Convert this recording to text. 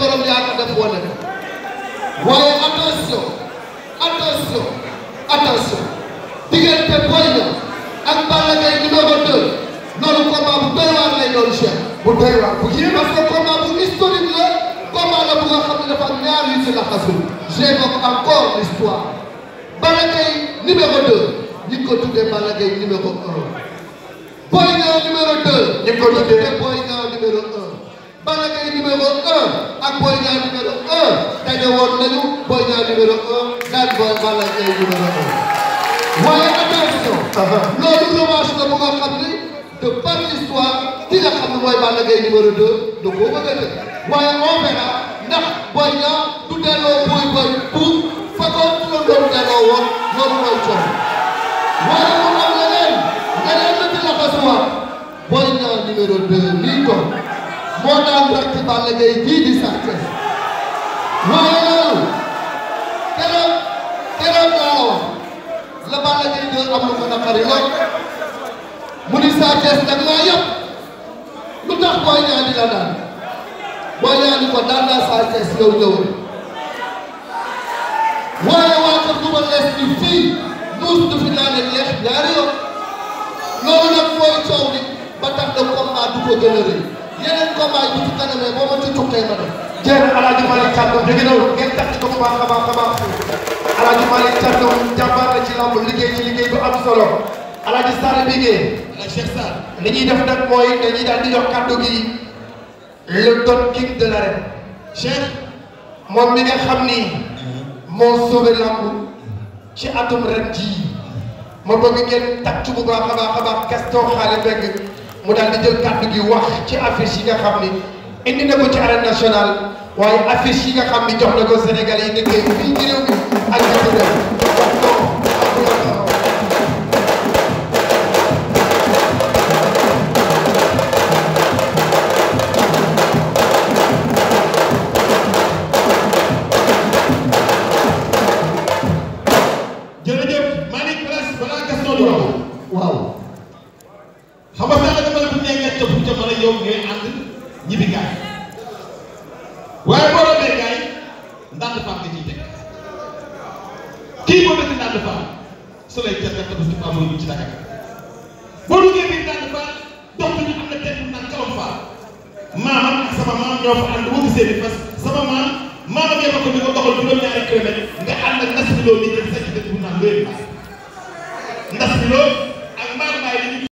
borom yaa ko def wala waaye attention attention attention diggante Boy Niang ak Balla numéro 2 loolu combat bu doy waar lay doon cher bu doy waar bu yéeme parce que combat bu historique la combat la bu nga xam ne dafa am ñaar yu ci laxasul j'évoque encore l'histoire Balla Gaye numéro 2 ñu ngi ko tuddee Balla numéro 1 Boy Niang numéro 2 ñu ngi ko tuddee Balla Gaye numéro un ak Boy Niang numéro un daje woon nañu Boy Niang numéro un daan booy Balla Gaye numéro un waaye attention. loolu revanche la bu nga xam ni de par l'histoire ki nga xam ne mooy Balla Gaye numéro deux du ko bëgg a def waaye on verra ndax Boy Niang du delloo Boy Boy pour fa ko doon doon delloo woon loolu mooy coono waaye mu am leneen leneen la ci la ko Boy Niang numéro deux lii ko. moo daan rakk Balla Gaye ji di Sa Thiès waaye loolu la wax la Balla Gaye jël am lu ko naqari lool mu ni Sa Thiès nag lu tax Boy la daan Boy Niang di ko daan naa Sa Thiès yow ñëwul waaye waa fii nuus du fi naan leex ñaari yoon loolu nag mooy coow bi ba tax na combat du ko gën a rëy yeneen combat yi ci kanamee boo ma ci tukkee ma ne. jéem Alaaji Malick Thiandoum léegi loolu ngeen tax ko bu baax a baax a baax Alaaji Malick Thiandoum jàmbaar la ci làmb liggéey ci liggéey bu am solo Alaaji Sarr Bigué. la Cheikh Sarr. li ñuy def nag mooy dañuy daal di jox kàddu gi le Don King de l'arène. Cheikh moom mi nga xam ni moo sauvé làmb ci atum ren jii ma bëgg ngeen tàcc bu baax a baax a baax Gaston xaale Mbengue. mu daal di jël kàddu gi wax ci affiche yi nga xam ni indi na ko ci arène nationale waaye affiche yi xam ni jox na ko Sénégal yi nekkee fii ci réew mi ak jërëjëf Malick Press balaa Gaston waaw yow ñooy ànd ñibbi gaay waaye boo rombee gaay ndànd faam nga ciy teg kii boo dëkk ndànd faam su lay teel rek dafa si faam mooy ci Dakar boo duggee biir ndànd faam dox bi ñu am na teg mu naan kalom faam maamam ak maam ñoo fa ànd wuti seen i fas sama maam maamam yëpp ko ñu ko doxal juróom-ñaari kilomètre nga ànd ak nas bi loolu di jël sa ci dëkk bu naan wéer ndax bi loolu